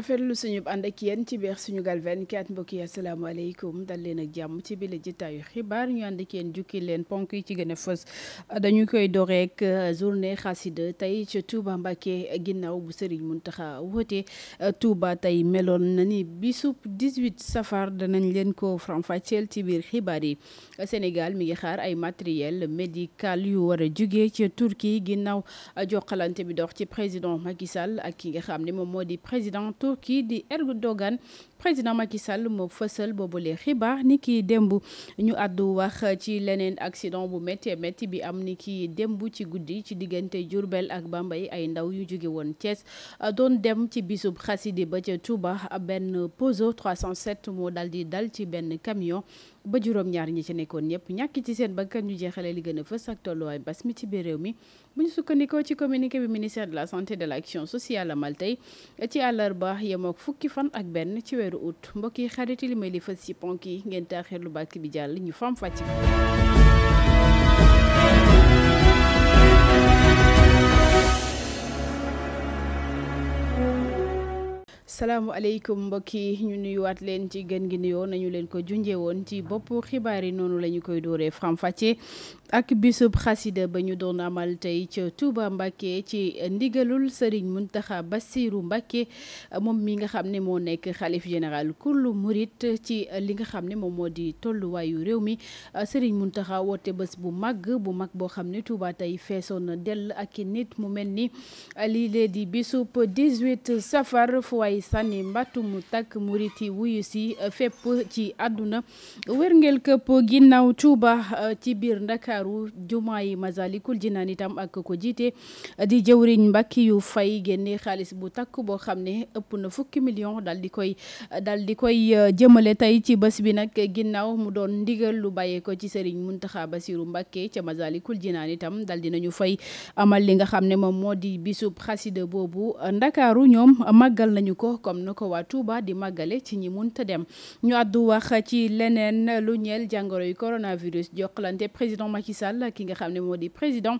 rafetlu suñu ànd ak yéen ci biir suñu Sunugal 24 mbokk yi asalaamaaleykum dal leen ak jàmm ci bile jitaayu xibaar ñu ànd ak yéen jukki leen ponk yi ci gën a fës dañu koy doreek euh, journée xasida tey ci Touba Mbacké ginnaaw bu mun Mountakha woote euh, Touba tey meloon na ni bisub 18 safar danañ leen ko faram ci biir xibaar yi Sénégal mi ngi xaar ay matériel médical yu war a jugee ca Turquie ginnaaw euh, jokkalante bi dox ci président Macky Sall ak ki président. Turquie di Erdogan président Macky Sall moo fësal boobule xibaar ni ki démb ñu àddu wax ci leneen accident bu métti métti bi am ni ki démb ci guddi ci diggante jurbeel ak Bambey ay ndaw yu jóge woon cees doon dem ci bisub xasidi ba ca Touba benn Peugeot 307 moo dal di dal ci benn camion ba juróom-ñaar ñi ci nekkoon ñëpp ñàkk ci seen bakkan ñu jeexale li gën a fës ak tolluwaay mbas mi ci biir réew mi bu ñu sukkandikoo ci communiqué bi ministère de la santé de l' action sociale amal tey ci àllarba yem ak fukki fan ak benn ci weeru août mbokk yi xarit yi li may li ponk yi ngeen taaxeer lu bàkk bi jàll ñu fam fàcc salaamaaleykum mbokk yi ñu nuyuwaat leen ci gën gi nuyoo nañu leen ko junjee woon ci bopp xibaar yi noonu lañu koy dóoree faram-fàccee ak bisub xasida ba ñu doon amal tey ca Touba Mbacké ci ndigalul Serigne Mountakha Bassirou Mbacké moom mi nga xam ne moo nekk xalif général kullu murit ci li nga xam ne moom moo di tolluwaayu réew mi Serigne Mountakha woote bés bu mag bu mag boo xam ne tuuba tey feesoon na dell ak i nit mu mel ni lii lee di bisub 18 safar fu waay sànni mbàttu mu takk murit yi wuyu si fépp ci àdduna wërngel këpp ginnaaw Touba ci biir Ndakaaru ndakaaru jumaa yi Masalikul Jinaan itam ak ko jiite di jëwriñ mbàkki yu fay génne xaalis bu takk boo xam ne ëpp na fukki million dal di koy dal di koy euh, jëmale tey ci bés bi nag ginnaaw mu doon ndigal lu bàyyee ko ci sëriñ Muntaxa Basiru Mbàkke ca Masalikul Jinaan itam dal di nañu fay amal li nga xam ne moom moo di bisub xasida boobu ndakaaru ñoom màggal nañu ko comme na ko waa Touba di maggale ci ñi munta dem ñu àddu wax ci leneen lu ñeel jàngoro yu coronavirus jokkalante Macky Sall ki nga xam ne moo di président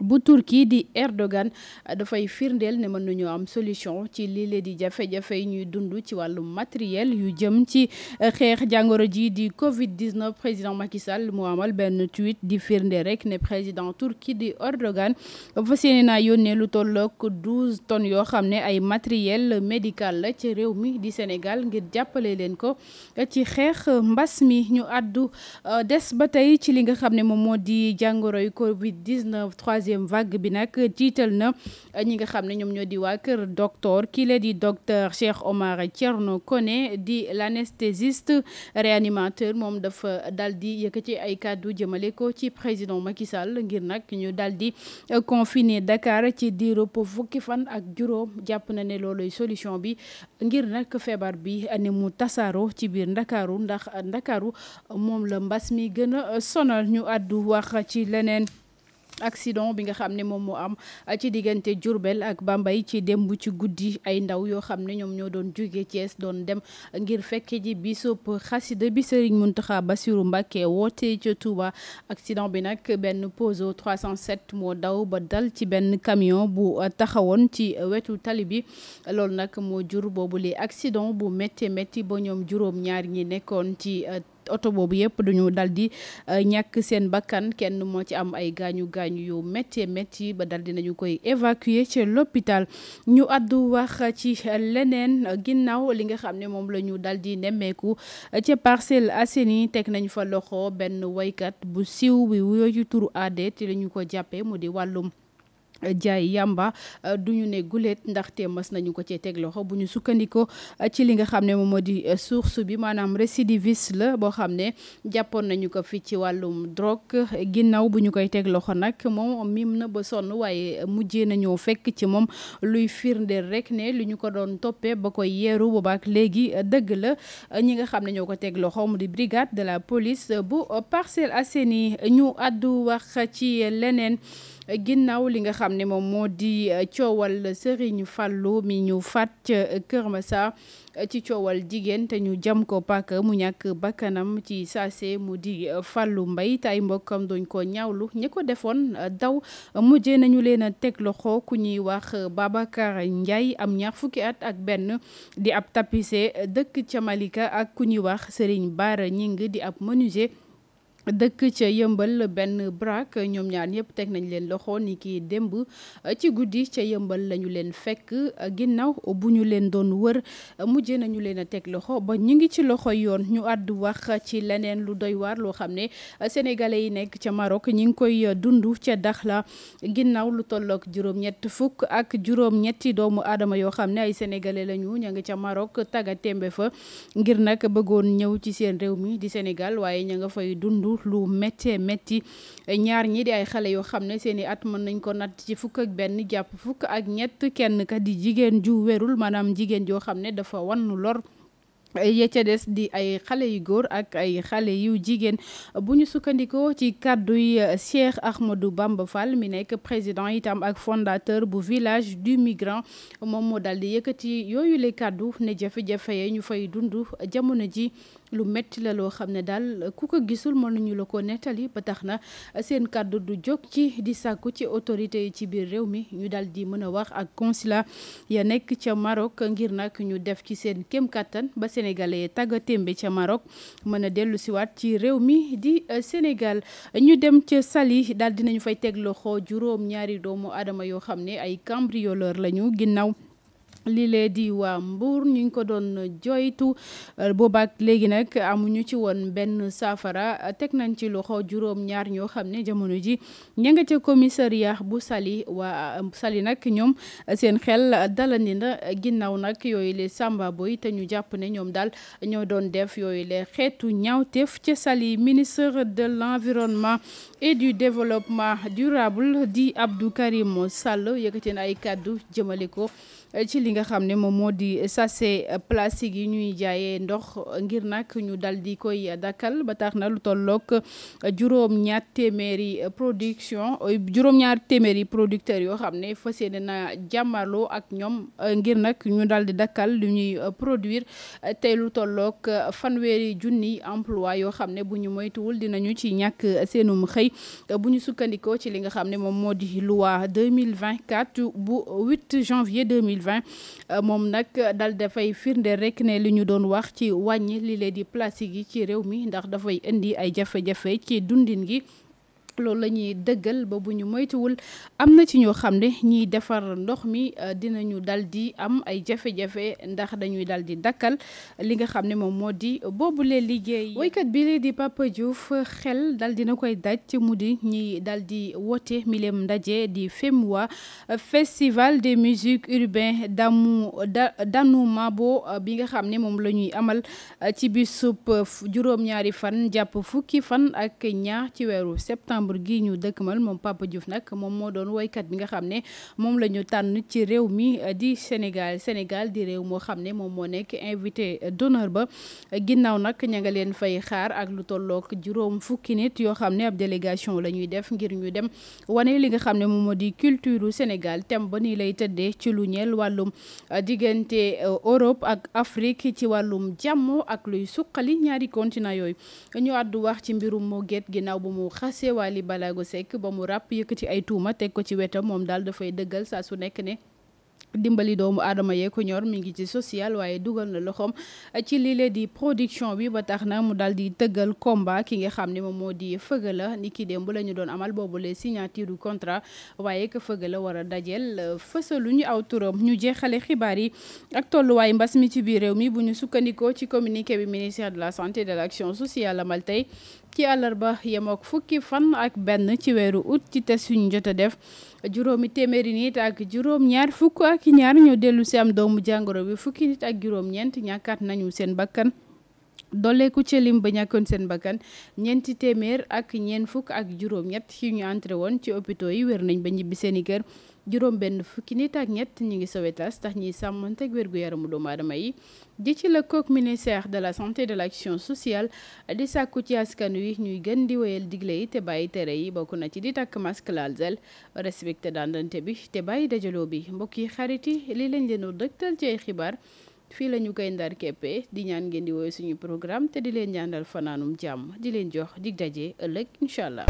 bu Turquie di Erdogan dafay firndeel ne mën nañoo am solution ci lii lee di jafe-jafe yi ñuy dund ci wàllu matériel yu jëm ci eh, xeex jàngoro ji di Covid 19 président Macky Sall mu amal benn tweet di firnde rek ne président Turquie di Erdogan fas yéene naa yónnee lu tollook douze tonnes yoo xam ne ay matériel médical la ci réew mi di Sénégal ngir jàppale leen ko ci xeex mbas mi ñu àddu eh, des ba tey ci li nga xam ne moom moo di jàngoro yu Covid troisième vague bi nag tiital na ñi nga xam ne ñoom ñoo di waa kër doktoor ki la di docteur Cheikh Omar Thierno Koné di l'anesthésiste réanimateur moom dafa dal di yëkk ci ay kàddu jëmale ko ci président Macky Sall ngir nag ñu dal di confiner ndakaar ci diiru fukki fan ak juróom jàpp na ne looloy solution bi ngir nag feebar bi ne mu tasaaroo ci biir Ndakaaru ndax Ndakaaru moom la mbas mi gën sonal ñu àddu wax ci leneen accident bi nga xam ne moom moo am ci diggante Diourbel ak Bambey ci dem bu ci guddi ay ndaw yoo xam ne ñoom ñoo doon jóge Thiès doon dem ngir fekke ji bi bisub xasida bi Serigne Mountakha Bassirou Mbacké woote ca Touba accident bi nag benn Peugeot 307 moo daw ba dal ci benn kamion bu taxawoon ci wetu tali bi loolu nag moo jur boobu li accident bu métti métti ba ñoom juróom ñaar ñi nekkoon ci oto boobu yëpp dañu dal di euh, ñàkk seen bakkan kenn moo ci am ay gaañu gaañu yu métti métti ba dal di nañu koy évacuer ci l'hôpital ñu àddu wax ci leneen ginnaaw li nga xam ne moom la ñu dal di nemmeeku euh, ca Parcelles Assainies teg nañu fa loxo benn woykat bu siiw bi wuyoo ci turu AD te la ko jàppee mu di wàllum jaay yamba euh, du ñu ne guléet te mas nañu ko cee teg loxo bu ñu sukkandikoo euh, ci li nga xam ne moom moo di euh, source bi maanaam récidiviste la boo xam ne jàppoon nañu ko fi ci wàllum drogue ginnaaw bu ñu koy teg loxo nag moom mim na ba sonn waaye mujjee nañoo fekk ci moom luy firndeel rek ne li ñu ko doon toppee ba koy yeeru boobaak léegi dëgg la ñi nga xam ne ñoo ko teg loxo mu di brigade de la police bu Parcelles Assainies ñu àddu wax ci leneen ginnaaw li nga xam ne moom moo di euh, coowal Serigne Fallou mi ñu faat ca euh, Kër Massar euh, ci coowal jigéen te ñu jam ko paaka mu ñàkk bakkanam ci saase mu di Fallou Mbaye te ay mbokkam doñ ko ñaawlu ñi ko defoon daw mujjee nañu leen a teg loxo ku ñuy wax Babacar Ndiaye am ñaar fukki at ak benn di ab tapissé dëkk ca Malika ak ku ñuy wax Serigne Bara Ñing di ab menuisier dëkk ca yëmbal benn brak ñoom ñaan ñëpp teg nañ leen loxo ni ki démb ci guddi ca yëmbal lañu leen fekk ginnaaw bu ñu leen doon wër mujjee nañu leen a teg loxo ba ñu ngi ci loxo yoon ñu àddu wax ci leneen lu doy waar loo xam ne sénégalais yi nekk ca Maroc ñi ngi koy dund ca Dakhla ginnaaw lu tolloog juróom-ñett fukk ak juróom-ñetti doomu aadama yoo xam ne ay sénégalais lañu ña ca Maroc taga tembe fa ngir nag bëggoon ñëw ci seen réew mi di Sénégal lu méttee métti ñaar ñi di ay xale yoo xam ne seen i at mën nañ ko natt ci fukk ak benn jàpp fukk ak ñett kenn ka di jigéen ju wérul maanaam jigéen joo xam ne dafa wan lor. ca des di ay xale yu góor ak ay xale yu jigéen bu ñu sukkandikoo ci kàdduy yi Cheikh Ahmadou Bamba Fall mi nekk président itam ak fondateur bu village du migrant moom moo daal di yëkkati yooyu le kàddu ne jafe-jafe ñu fay dund jamono ji lu metti la loo xam ne daal ku ko gisul mënuñu la ko nettali ba tax na seen kàddu du jog ci di sàkku ci autorité yi ci biir réew mi ñu daal di mën a wax ak consulat ya nekk ca Maroc ngir nag ñu def ci seen kem kattan ba sénégalais tàggatémbe ca Maroc mën a dellu ci réew mi di euh, Sénégal ñu dem ca Saly daal dinañu fay teg loxo juróom ñaari doomu aadama yoo xam ne ay cambrioleur lañu ginnaaw lii lee di waa Mbour ñu ngi ko doon joytu euh, boobaak léegi nag amuñu ci woon benn saafara teg nañ ci loxo juróom ñaar ñoo xam ne jamono ji ña nga ca commissariat bu sali waa sali nag ñoom seen xel dalandi na ginnaaw nag yooyu le samba boy te ñu jàpp ne ñoom daal ñoo doon def yooyu le xeetu ñaawteef ca sali ministre de l'environnement et du développement durable di Abdou Karim Sall yëkkati na ay kàddu jëmale ko euh, ci li nga xam ne moom moo di sase plastique yi ñuy jaayee ndox ngir nag ñu dal di koy dakkal ba tax na lu tollook juróom-ñaar téeméeri production juróom téeméeri producteurs yoo xam ne fas yéene na jàmmarloo ak ñoom ngir nag ñu dal di dakkal lu ñuy produire tey lu tolloog fanweeri junni emploi yoo xam ne bu ñu moytuwul dinañu ci ñàkk seenum xëy bu ñu sukkandikoo ci li nga xam ne moom moo di mille vingt 2024 bu 8 janvier 2020 Euh, moom nag dal dafay firnde rek ne li ñu doon wax ci wàññi li di plastique yi ci réew mi ndax dafay indi ay jafe-jafe ci dundin gi loolu la ñuy dëggal ba bu ñu moytuwul am na ci ñoo xam ne ñiy defar ndox mi euh, dinañu dal di am ay jafe-jafe ndax dañuy dal di dakkal li nga xam ne moom moo di boobule liggéey. woykat bi lee di Papa Diouf xel dal dina koy daj mu di ñi dal di woote mileem ndaje di FEMUA festival des musiques urbaines damu da danu mabo bi nga xam ne moom la ñuy amal ci bisub juróom-ñaari fan jàpp fukki fan ak ñaar ci weeru septembre. décembre gi ñu dëkkmal moom Papa Diouf nag moom moo doon woykat bi nga xam ne moom la ñu tànn ci réew mi di Sénégal Sénégal di réew moo xam ne moom moo nekk invité d'honneur ba ginnaaw nag ña nga leen fay xaar ak lu tollook juróom fukki nit yoo xam ne ab délégation la ñuy def ngir ñu dem wane li nga xam ne moom moo di culture Sénégal tem ba nii lay tëddee ci lu ñeel wàllum diggante euh, Europe ak Afrique ci wàllum jàmm ak luy suqali ñaari continent yooyu ñu àddu wax ci Wally Balago Seck ba mu ràpp ci ay tuuma teg ko ci wetam moom daal dafay dëggal saa su nekk ne dimbali doomu aadama yee ko ñor mi ngi ci social waaye dugal na loxoom ci lile di production bi ba tax na mu daal di dëggal komba ki nga xam ne moom moo di la ni ki démb la ñu doon amal boobu les signature du contrat waaye que Feugeula war a dajeel fësaluñu aw turam ñu jeexale xibaar yi ak tolluwaay mbas mi ci biir réew mi bu ñu sukkandikoo ci communiqué bi ministère de la santé et de l' action sociale ci àllarba yem ak fukki fan ak benn ci weeru ut ci test yu ñu jot a def juróomi téeméeri nit ak juróom ñaar fukk ak ñaar ñoo dellu si am doomu jàngoro bi fukki nit ak juróom ñeent ñàkkaat nañu seen bakkan dolleeku ca lim ba ñàkkoon seen bakkan ñeenti téeméer ak ñeent fukk ak juróom-ñett yu ñu entré woon ci hôpitaux yi wér nañ ba ñibbi seen i kër juróom benn fukki nit ak ñett ñu ngi Sowétas tax ñiy sàmmanteeg wérgu yaramu doomu aadama yi di ci la kook ministère de la santé et de l'action sociale di sàkku ci askan wi ñuy gën di woyal digle yi te bàyyi tere yi bokk na ci di takk masque laal zel respecté dandante bi te bàyyi dajaloo bi mbokk yi xarit yi lii lañ leen dëgtal ci ay xibaar fii la ñu koy ndar keppe di ñaan ngeen di woy suñu programme te di leen ñaanal fanaanum jàmm di leen jox di daje ëllëg incha allah